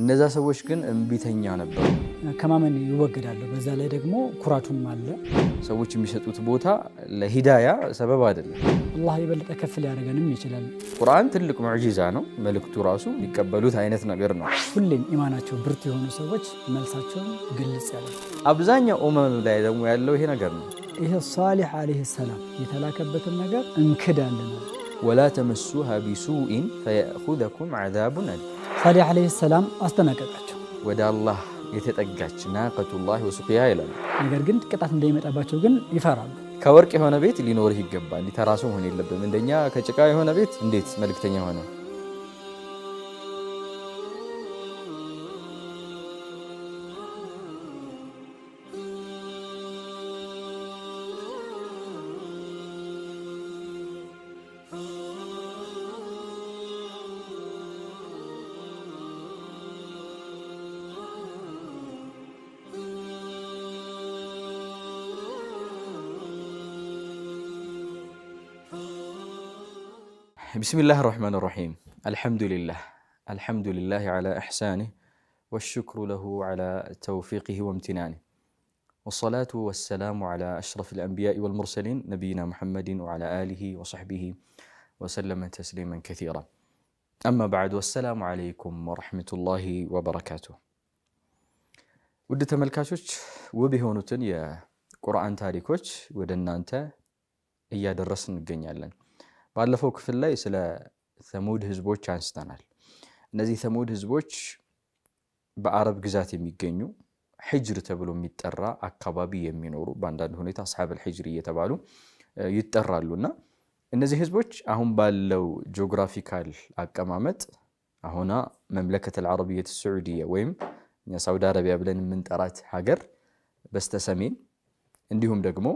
እነዛ ሰዎች ግን እምቢተኛ ነበሩ። ከማመን ይወገዳሉ። በዛ ላይ ደግሞ ኩራቱም አለ። ሰዎች የሚሰጡት ቦታ ለሂዳያ ሰበብ አይደለም። አላህ የበለጠ ከፍ ሊያደርገንም ይችላል። ቁርአን ትልቅ ሙዕጂዛ ነው። መልእክቱ ራሱ ሊቀበሉት አይነት ነገር ነው። ሁሌም ኢማናቸው ብርት የሆኑ ሰዎች መልሳቸውን ግልጽ ያለ። አብዛኛው ኡመም ላይ ደግሞ ያለው ይሄ ነገር ነው። ይህ ሳሊሕ ዓለይሂ ሰላም የተላከበትን ነገር እንክዳለን። ወላ ተመሱሃ ቢሱኢን ፈየእኹዘኩም ዓዛቡን አሊም ሳሊህ ዓለይሂ ሰላም አስጠነቀቃቸው። ወደ አላህ የተጠጋች ናቀቱላህ ወሱቅያ ይላሉ። ነገር ግን ቅጣት እንደሚመጣባቸው ግን ይፈራሉ። ከወርቅ የሆነ ቤት ሊኖርህ ይገባል። ተራሱ መሆን የለብም። እንደኛ ከጭቃ የሆነ ቤት እንዴት መልክተኛ ሆነ? بسم الله الرحمن الرحيم الحمد لله الحمد لله على إحسانه والشكر له على توفيقه وامتنانه والصلاة والسلام على أشرف الأنبياء والمرسلين نبينا محمد وعلى آله وصحبه وسلم تسليما كثيرا أما بعد والسلام عليكم ورحمة الله وبركاته ውድ ተመልካቾች يا قران تاريكوش ታሪኮች ወደ እናንተ እያደረስ እንገኛለን ባለፈው ክፍል ላይ ስለ ተሙድ ህዝቦች አንስተናል። እነዚህ ተሙድ ህዝቦች በአረብ ግዛት የሚገኙ ሒጅር ተብሎ የሚጠራ አካባቢ የሚኖሩ በአንዳንድ ሁኔታ አስሓብል ሒጅር እየተባሉ ይጠራሉ እና እነዚህ ህዝቦች አሁን ባለው ጂኦግራፊካል አቀማመጥ አሁና መምለከት አልዓረቢየት ስዑዲያ ወይም ሳውዲ አረቢያ ብለን የምንጠራት ሀገር በስተሰሜን እንዲሁም ደግሞ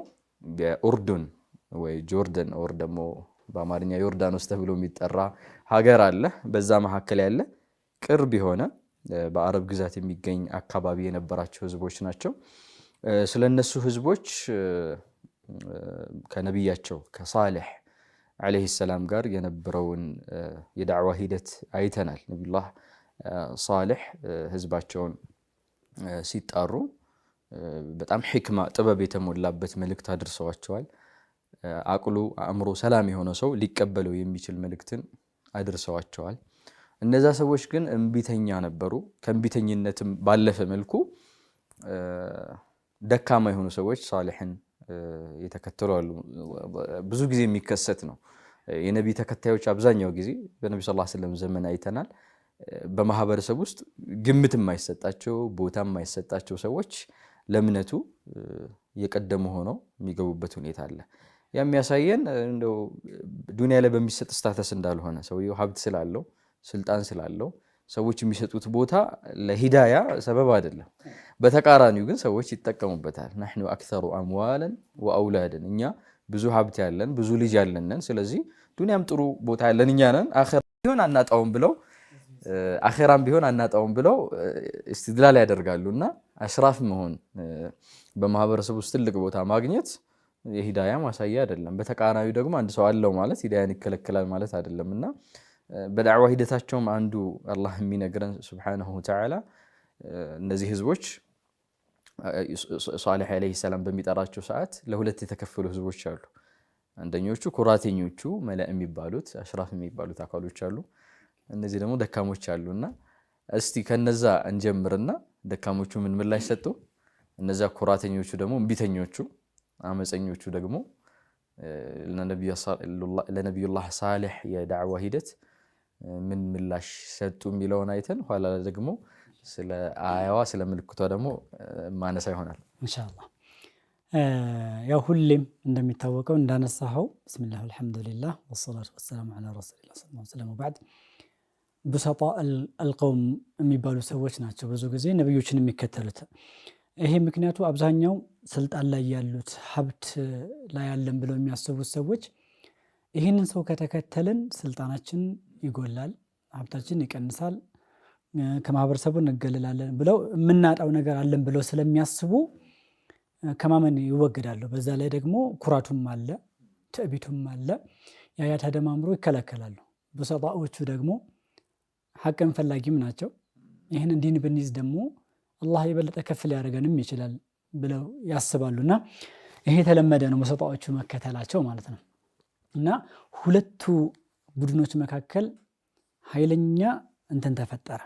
የኡርዱን ወይ ጆርደን ኦር ደግሞ በአማርኛ ዮርዳኖስ ተብሎ የሚጠራ ሀገር አለ። በዛ መካከል ያለ ቅርብ የሆነ በአረብ ግዛት የሚገኝ አካባቢ የነበራቸው ህዝቦች ናቸው። ስለ እነሱ ህዝቦች ከነቢያቸው ከሳሌሕ ዓለይሂ ሰላም ጋር የነበረውን የዳዕዋ ሂደት አይተናል። ነቢዩላህ ሳሌሕ ህዝባቸውን ሲጣሩ በጣም ሕክማ ጥበብ የተሞላበት መልእክት አድርሰዋቸዋል። አቅሉ አእምሮ ሰላም የሆነ ሰው ሊቀበለው የሚችል መልእክትን አድርሰዋቸዋል። እነዛ ሰዎች ግን እምቢተኛ ነበሩ። ከእምቢተኝነትም ባለፈ መልኩ ደካማ የሆኑ ሰዎች ሳልሕን የተከተሉ አሉ። ብዙ ጊዜ የሚከሰት ነው። የነቢ ተከታዮች አብዛኛው ጊዜ በነቢ ስ ስለም ዘመን አይተናል። በማህበረሰብ ውስጥ ግምት የማይሰጣቸው ቦታ የማይሰጣቸው ሰዎች ለእምነቱ የቀደሙ ሆነው የሚገቡበት ሁኔታ አለ። የሚያሳየን እንደው ዱኒያ ላይ በሚሰጥ ስታተስ እንዳልሆነ ሰውየው ሀብት ስላለው ስልጣን ስላለው ሰዎች የሚሰጡት ቦታ ለሂዳያ ሰበብ አይደለም። በተቃራኒው ግን ሰዎች ይጠቀሙበታል። ናሕኑ አክተሩ አምዋለን ወአውላድን፣ እኛ ብዙ ሀብት ያለን ብዙ ልጅ ያለንን፣ ስለዚህ ዱኒያም ጥሩ ቦታ ያለን እኛ ነን፣ አኼራ ቢሆን አናጣውም ብለው አኼራም ቢሆን አናጣውም ብለው እስትድላል ያደርጋሉ እና አሽራፍ መሆን በማህበረሰብ ውስጥ ትልቅ ቦታ ማግኘት የሂዳያ ማሳያ አይደለም። በተቃራኒው ደግሞ አንድ ሰው አለው ማለት ሂዳያን ይከለከላል ማለት አይደለም እና በዳዕዋ ሂደታቸውም አንዱ አላህ የሚነግረን ስብሓነሁ ተዓላ እነዚህ ህዝቦች ሷሊሕ ዓለይሂ ሰላም በሚጠራቸው ሰዓት ለሁለት የተከፈሉ ህዝቦች አሉ። አንደኞቹ ኩራተኞቹ መላእ የሚባሉት አሽራፍ የሚባሉት አካሎች አሉ። እነዚህ ደግሞ ደካሞች አሉ እና እስቲ ከነዛ እንጀምርና ደካሞቹ ምን ምላሽ ሰጡ? እነዚያ ኩራተኞቹ ደግሞ እምቢተኞቹ አመፀኞቹ ደግሞ ለነቢዩላህ ሳሌሕ የዳዕዋ ሂደት ምን ምላሽ ሰጡ የሚለውን አይተን ኋላ ደግሞ ስለ አያዋ ስለ ምልክቷ ደግሞ ማነሳ ይሆናል ኢንሻአላህ። ያው ሁሌም እንደሚታወቀው እንዳነሳኸው ብስሚላህ አልሐምዱሊላህ ወሰላቱ ወሰላሙ ዐላ ረሱሊላህ ሰለላሁ ዐለይሂ ወሰለም ወበዕድ ቡሰጣ አልቀውም የሚባሉ ሰዎች ናቸው ብዙ ጊዜ ነቢዮችን የሚከተሉት ይሄ ምክንያቱ አብዛኛው ስልጣን ላይ ያሉት ሀብት ላይ ያለን ብለው የሚያስቡት ሰዎች ይህንን ሰው ከተከተልን ስልጣናችን ይጎላል፣ ሀብታችን ይቀንሳል፣ ከማህበረሰቡ እንገለላለን ብለው የምናጣው ነገር አለን ብለው ስለሚያስቡ ከማመን ይወገዳሉ። በዛ ላይ ደግሞ ኩራቱም አለ፣ ትዕቢቱም አለ። ያያ ተደማምሮ ይከላከላሉ። በሰጣዎቹ ደግሞ ሀቅን ፈላጊም ናቸው። ይህን እንዲን ብንይዝ ደግሞ አላህ የበለጠ ከፍ ሊያደርገንም ይችላል ብለው ያስባሉና ይሄ የተለመደ ነው መሰጣዎቹ መከተላቸው ማለት ነው። እና ሁለቱ ቡድኖች መካከል ኃይለኛ እንትን ተፈጠረ።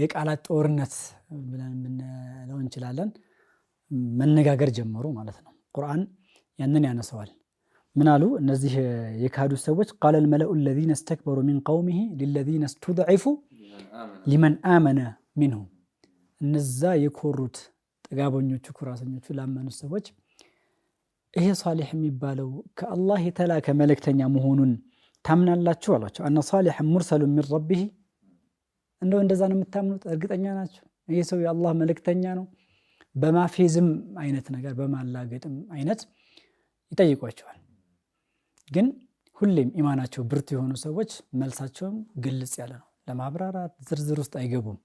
የቃላት ጦርነት ብለን ምንለው እንችላለን። መነጋገር ጀመሩ ማለት ነው። ቁርአን ያንን ያነሰዋል። ምን አሉ እነዚህ የካዱ ሰዎች? ቃለ ልመለኡ ለዚነ ስተክበሩ ሚን ቀውሚሂ ሊለዚነ ስቱድዒፉ ሊመን አመነ ሚንሁ እነዛ የኮሩት ጥጋበኞቹ ኩራሰኞቹ ላመኑት ሰዎች ይሄ ሷሊሕ የሚባለው ከአላህ የተላከ መልእክተኛ መሆኑን ታምናላችሁ አሏቸው። አነ ሷሊሕ ሙርሰሉ ሚን ረቢህ እንደው እንደዛ ነው የምታምኑት? እርግጠኛ ናቸው? ይህ ሰው የአላህ መልእክተኛ ነው? በማፌዝም አይነት ነገር በማላገጥም አይነት ይጠይቋቸዋል። ግን ሁሌም ኢማናቸው ብርቱ የሆኑ ሰዎች መልሳቸውም ግልጽ ያለ ነው። ለማብራራት ዝርዝር ውስጥ አይገቡም።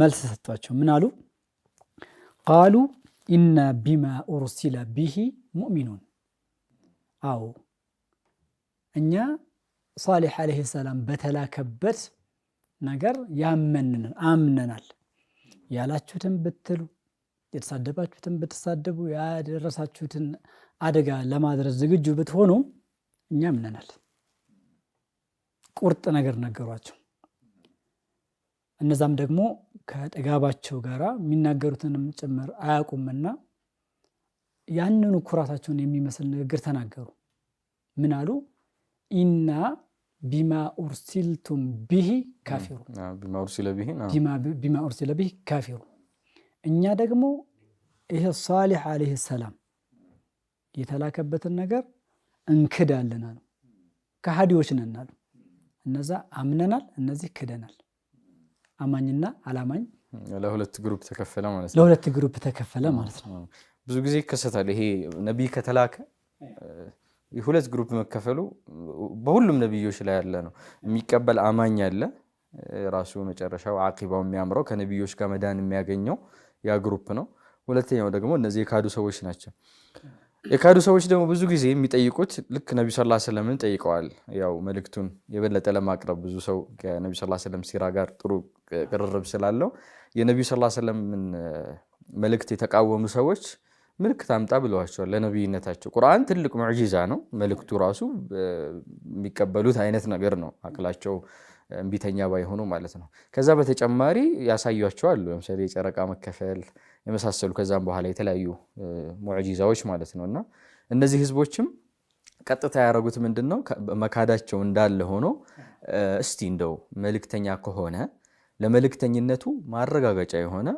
መልስ ሰጥቷቸው ምን አሉ? ቃሉ ኢና ቢማ ኡርሲለ ቢሂ ሙእሚኑን። አዎ እኛ ሳሌሕ ዓለይሂ ሰላም በተላከበት ነገር ያመንን አምነናል። ያላችሁትን ብትሉ የተሳደባችሁትን ብትሳደቡ ያደረሳችሁትን አደጋ ለማድረስ ዝግጁ ብትሆኑ እኛ አምነናል። ቁርጥ ነገር ነገሯቸው። እነዛም ደግሞ ከጥጋባቸው ጋራ የሚናገሩትንም ጭምር አያውቁምና ያንኑ ኩራታቸውን የሚመስል ንግግር ተናገሩ። ምን አሉ? ኢና ቢማ ኡርሲልቱም ቢሂ ካፊሩ ቢማ ኡርሲለ ብሂ ካፊሩ። እኛ ደግሞ ይህ ሷሊሕ ዓለይሂ ሰላም የተላከበትን ነገር እንክዳለን አሉ። ከሃዲዎች ነን አሉ። እነዛ አምነናል፣ እነዚህ ክደናል። አማኝና አላማኝ ለሁለት ግሩፕ ተከፈለ ማለት ነው። ለሁለት ግሩፕ ተከፈለ ማለት ነው። ብዙ ጊዜ ይከሰታል ይሄ ነቢይ ከተላከ ሁለት ግሩፕ መከፈሉ በሁሉም ነቢዮች ላይ ያለ ነው። የሚቀበል አማኝ አለ። ራሱ መጨረሻው አቂባው የሚያምረው ከነቢዮች ጋር መዳን የሚያገኘው ያ ግሩፕ ነው። ሁለተኛው ደግሞ እነዚህ የካዱ ሰዎች ናቸው። የካዱ ሰዎች ደግሞ ብዙ ጊዜ የሚጠይቁት ልክ ነቢ ስላ ስለምን ጠይቀዋል። ያው መልእክቱን የበለጠ ለማቅረብ ብዙ ሰው ከነቢ ስላ ስለም ሲራ ጋር ጥሩ ቅርርብ ስላለው የነቢ ስላ ስለምን መልእክት የተቃወሙ ሰዎች ምልክት አምጣ ብለዋቸዋል ለነቢይነታቸው። ቁርአን ትልቅ ሙዕጂዛ ነው። መልእክቱ ራሱ የሚቀበሉት አይነት ነገር ነው፣ አቅላቸው እምቢተኛ ባይሆኑ ማለት ነው። ከዛ በተጨማሪ ያሳያቸዋሉ። ለምሳሌ የጨረቃ መከፈል የመሳሰሉ ከዛም በኋላ የተለያዩ ሙዕጂዛዎች ማለት ነው። እና እነዚህ ህዝቦችም ቀጥታ ያደረጉት ምንድን ነው? መካዳቸው እንዳለ ሆኖ እስቲ እንደው መልእክተኛ ከሆነ ለመልእክተኝነቱ ማረጋገጫ የሆነ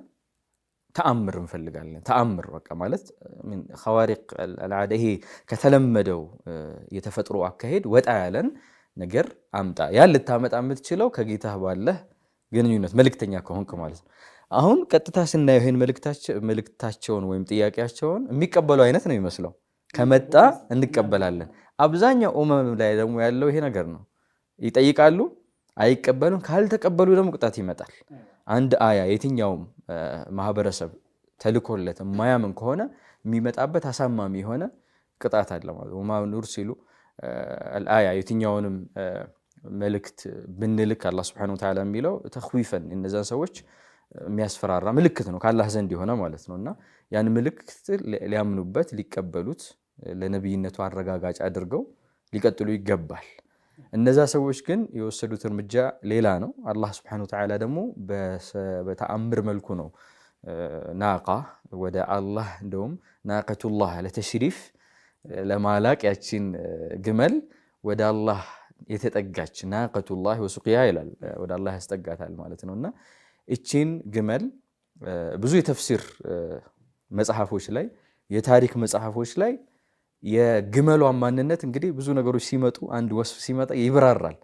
ተአምር እንፈልጋለን። ተአምር በቃ ማለት ኸዋሪቅ አልዓደ ይሄ ከተለመደው የተፈጥሮ አካሄድ ወጣ ያለን ነገር አምጣ። ያን ልታመጣ የምትችለው ከጌታ ባለህ ግንኙነት መልእክተኛ ከሆንክ ማለት ነው። አሁን ቀጥታ ስናየው ይሄን መልእክታቸውን ወይም ጥያቄያቸውን የሚቀበሉ አይነት ነው የሚመስለው። ከመጣ እንቀበላለን። አብዛኛው ኡመም ላይ ደግሞ ያለው ይሄ ነገር ነው። ይጠይቃሉ፣ አይቀበሉም። ካልተቀበሉ ደግሞ ቅጣት ይመጣል። አንድ አያ የትኛውም ማህበረሰብ ተልኮለት ማያምን ከሆነ የሚመጣበት አሳማሚ የሆነ ቅጣት አለ ማለት ነው። ኑር ሲሉ አያ የትኛውንም መልእክት ብንልክ አላህ ስብሐነሁ ወተዓላ የሚለው ተኽዊፈን እነዛን ሰዎች የሚያስፈራራ ምልክት ነው ከአላህ ዘንድ የሆነ ማለት ነው። እና ያን ምልክት ሊያምኑበት፣ ሊቀበሉት ለነቢይነቱ አረጋጋጭ አድርገው ሊቀጥሉ ይገባል። እነዛ ሰዎች ግን የወሰዱት እርምጃ ሌላ ነው። አላህ ስብሐነሁ ወተዓላ ደግሞ በተአምር መልኩ ነው ናቃ ወደ አላህ እንደውም ናቀቱላህ ለተሽሪፍ ለማላቅ ያችን ግመል ወደ አላህ የተጠጋች ናቀቱላህ ወሱቅያ ይላል ወደ አላህ ያስጠጋታል ማለት ነውና እቺን ግመል ብዙ የተፍሲር መጽሐፎች ላይ የታሪክ መጽሐፎች ላይ የግመሏን ማንነት እንግዲህ ብዙ ነገሮች ሲመጡ አንድ ወስፍ ሲመጣ ይብራራል።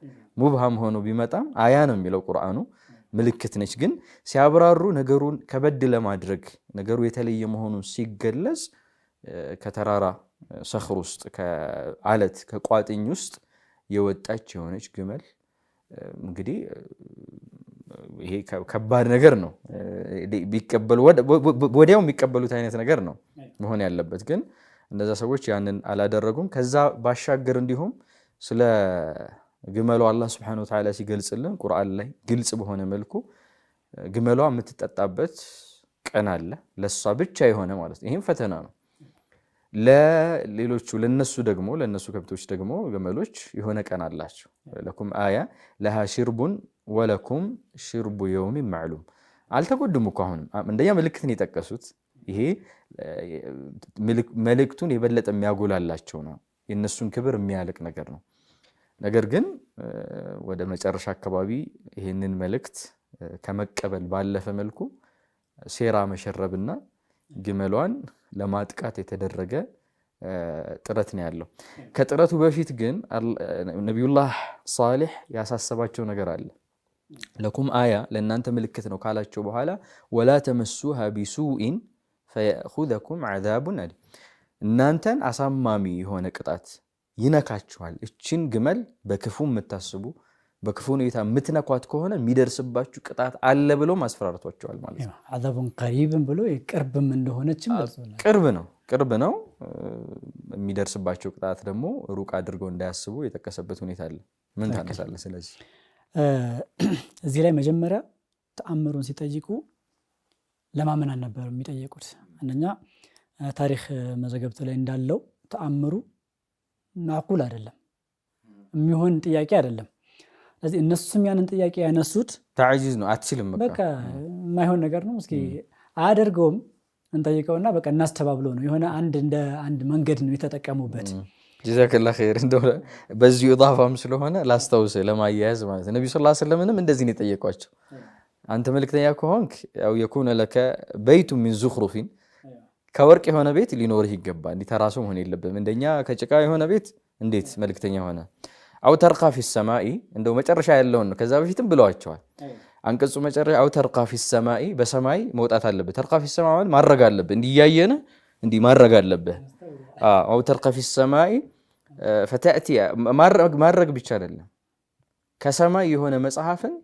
ሙብሃም ሆኖ ቢመጣም አያ ነው የሚለው ቁርአኑ ምልክት ነች። ግን ሲያብራሩ ነገሩን ከበድ ለማድረግ ነገሩ የተለየ መሆኑን ሲገለጽ ከተራራ ሰኽር ውስጥ ከአለት ከቋጥኝ ውስጥ የወጣች የሆነች ግመል እንግዲህ ይሄ ከባድ ነገር ነው። ወዲያው የሚቀበሉት አይነት ነገር ነው መሆን ያለበት፣ ግን እነዛ ሰዎች ያንን አላደረጉም። ከዛ ባሻገር እንዲሁም ስለ ግመሏ አላህ ሱብሓነሁ ወተዓላ ሲገልጽልን ቁርአን ላይ ግልጽ በሆነ መልኩ ግመሏ የምትጠጣበት ቀን አለ፣ ለእሷ ብቻ የሆነ ማለት ነው። ይህም ፈተና ነው። ለሌሎቹ ለነሱ ደግሞ ለነሱ ከብቶች ደግሞ ግመሎች የሆነ ቀን አላቸው። ለኩም አያ ለሃ ሽርቡን ወለኩም ሽርቡ የውሚ ማዕሉም። አልተጎዱም እኮ አሁንም እንደኛ ምልክትን የጠቀሱት ይሄ መልእክቱን የበለጠ የሚያጎላላቸው ነው። የእነሱን ክብር የሚያልቅ ነገር ነው። ነገር ግን ወደ መጨረሻ አካባቢ ይህንን መልእክት ከመቀበል ባለፈ መልኩ ሴራ መሸረብና ግመሏን ለማጥቃት የተደረገ ጥረት ነው ያለው። ከጥረቱ በፊት ግን ነቢዩላህ ሷሊሕ ያሳሰባቸው ነገር አለ። ለኩም አያ ለእናንተ ምልክት ነው ካላቸው በኋላ ወላ ተመሱሃ ቢሱኢን ፈየእኹዘኩም ዓዛቡን አሊም፣ እናንተን አሳማሚ የሆነ ቅጣት ይነካችኋል። እችን ግመል በክፉ የምታስቡ በክፉ ሁኔታ የምትነኳት ከሆነ የሚደርስባችሁ ቅጣት አለ ብሎ ማስፈራርቷቸዋል ማለት ነው። አዛቡን ቀሪብም ብሎ ቅርብም እንደሆነችም ቅርብ ነው ቅርብ ነው። የሚደርስባቸው ቅጣት ደግሞ ሩቅ አድርገው እንዳያስቡ የጠቀሰበት ሁኔታ አለ። ምን ታነሳለህ? ስለዚህ እዚህ ላይ መጀመሪያ ተአምሩን ሲጠይቁ ለማመን አልነበር የሚጠየቁት። አንደኛ ታሪክ መዘገብት ላይ እንዳለው ተአምሩ ማዕቁል አይደለም፣ የሚሆን ጥያቄ አይደለም ስለዚህ እነሱም ያንን ጥያቄ ያነሱት ተዓጂዝ ነው፣ አትችልም፣ በቃ የማይሆን ነገር ነው፣ እስኪ አያደርገውም እንጠይቀውና በቃ እናስተባብሎ ነው የሆነ አንድ እንደ አንድ መንገድ ነው የተጠቀሙበት። ጀዛከላ ኸይር። እንደ በዚሁ ኢዳፋም ስለሆነ ላስታውስ ለማያያዝ ማለት ነቢ ስ ዐለይሂ እንደዚህ ነው የጠየቋቸው። አንተ መልክተኛ ከሆንክ ያው የኩነ ለከ በይቱ ሚን ዙክሩፊን ከወርቅ የሆነ ቤት ሊኖርህ ይገባ፣ እንዲህ ተራሱ መሆን የለብም። እንደኛ ከጭቃ የሆነ ቤት እንዴት መልክተኛ ሆነ? አው ተርቃ ፊ ሰማኢ እንደው መጨረሻ ያለውን ነው። ከዛ በፊትም ብለዋቸዋል። አንቀጹ መጨረሻ አው ተርቃ ፊ ሰማኢ በሰማይ መውጣት አለብህ። ተርቃ ፊ ሰማኢ ማለት ማድረግ አለብህ፣ እንዲያየነ እንዲ ማድረግ አለብህ። አው ተርቃ ፊ ሰማኢ ፈታእቲ ማድረግ ብቻ አይደለም፣ ከሰማይ የሆነ መጽሐፍን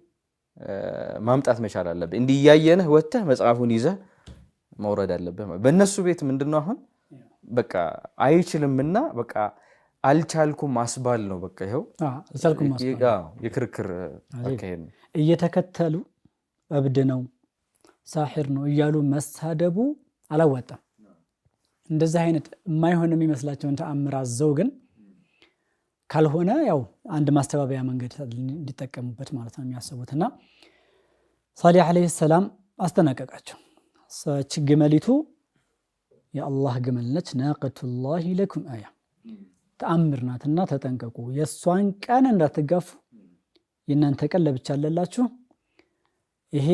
ማምጣት መቻል አለብህ። እንዲያየነህ ወጥተህ መጽሐፉን ይዘህ መውረድ አለብህ። በእነሱ ቤት ምንድነው አሁን በቃ አይችልምና በቃ አልቻልኩም ማስባል ነው። በቃ ይኸው የክርክር አካሄድ ነው። እየተከተሉ እብድ ነው ሳሒር ነው እያሉ መሳደቡ አላዋጣም። እንደዚህ አይነት የማይሆን የሚመስላቸውን ተአምር አዘው ግን ካልሆነ ያው አንድ ማስተባበያ መንገድ እንዲጠቀሙበት ማለት ነው የሚያስቡት እና ሳሊህ ዓለይሂ ሰላም አስጠነቀቃቸው። ግመሊቱ የአላህ ግመል ነች፣ ናቀቱላሂ ለኩም አያ ተአምር ናትና ተጠንቀቁ። የእሷን ቀን እንዳትጋፉ፣ የእናንተ ቀን ለብቻ አለላችሁ። ይሄ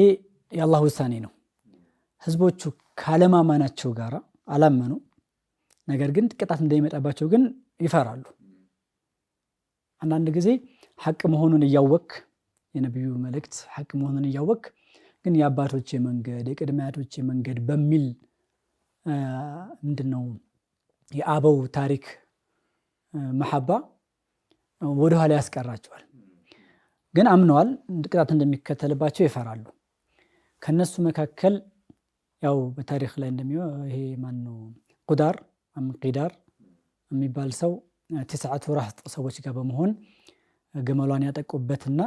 የአላህ ውሳኔ ነው። ህዝቦቹ ካለማማናቸው ጋር አላመኑ። ነገር ግን ቅጣት እንደሚመጣባቸው ግን ይፈራሉ። አንዳንድ ጊዜ ሐቅ መሆኑን እያወክ የነቢዩ መልእክት ሐቅ መሆኑን እያወክ ግን የአባቶች መንገድ የቅድመ አያቶች መንገድ በሚል ምንድን ነው የአበው ታሪክ መሐባ ወደኋላ ያስቀራቸዋል። ግን አምነዋል፣ ቅጣት እንደሚከተልባቸው ይፈራሉ። ከነሱ መካከል ያው በታሪክ ላይ እንደሚ ይሄ ማን ቁዳር ቂዳር የሚባል ሰው ትስዓቱ ራህጥ ሰዎች ጋር በመሆን ግመሏን ያጠቁበትና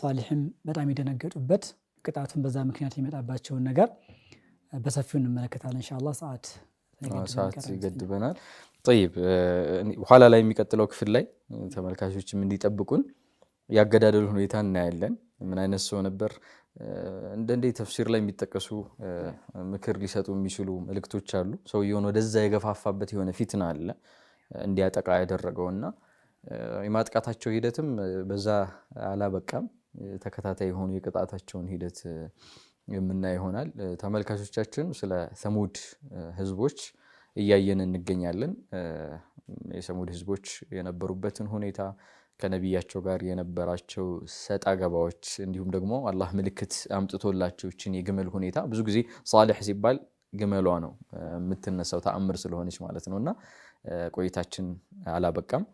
ሷሊሕም በጣም የደነገጡበት ቅጣቱን በዛ ምክንያት የሚመጣባቸውን ነገር በሰፊው እንመለከታለን። እንሻላ ሰዓት ሰዓት ይገድበናል። ጠይብ ኋላ ላይ የሚቀጥለው ክፍል ላይ ተመልካቾችም እንዲጠብቁን ያገዳደሉ ሁኔታ እናያለን። ምን አይነት ሰው ነበር? እንደንዴ ተፍሲር ላይ የሚጠቀሱ ምክር ሊሰጡ የሚችሉ መልእክቶች አሉ። ሰውየውን ወደዛ የገፋፋበት የሆነ ፊትና አለ እንዲያጠቃ ያደረገውና የማጥቃታቸው ሂደትም በዛ አላበቃም። ተከታታይ የሆኑ የቅጣታቸውን ሂደት የምናይ ይሆናል። ተመልካቾቻችን ስለ ሰሙድ ህዝቦች እያየን እንገኛለን። የሰሙድ ህዝቦች የነበሩበትን ሁኔታ ከነቢያቸው ጋር የነበራቸው ሰጣ ገባዎች እንዲሁም ደግሞ አላህ ምልክት አምጥቶላቸው ይችን የግመል ሁኔታ ብዙ ጊዜ ሳሌሕ ሲባል ግመሏ ነው የምትነሳው ተአምር ስለሆነች ማለት ነው። እና ቆይታችን አላበቃም።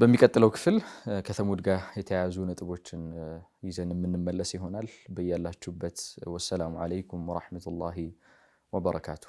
በሚቀጥለው ክፍል ከተሙድ ጋር የተያያዙ ነጥቦችን ይዘን የምንመለስ ይሆናል። በያላችሁበት ወሰላሙ አለይኩም ወራህመቱላሂ ወበረካቱ።